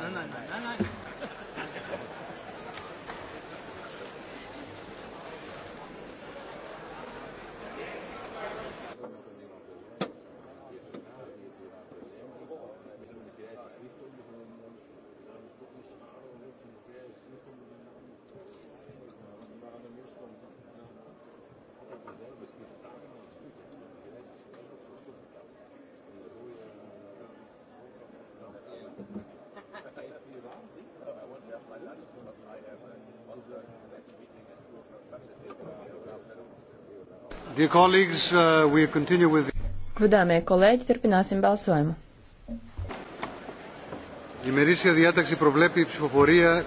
Nein, nein, nein, nein, nein. Thank you. Uh, Godāmie kolēģi, turpināsim balsojumu. Η μερίσια διάταξη προβλέπει η ψηφοφορία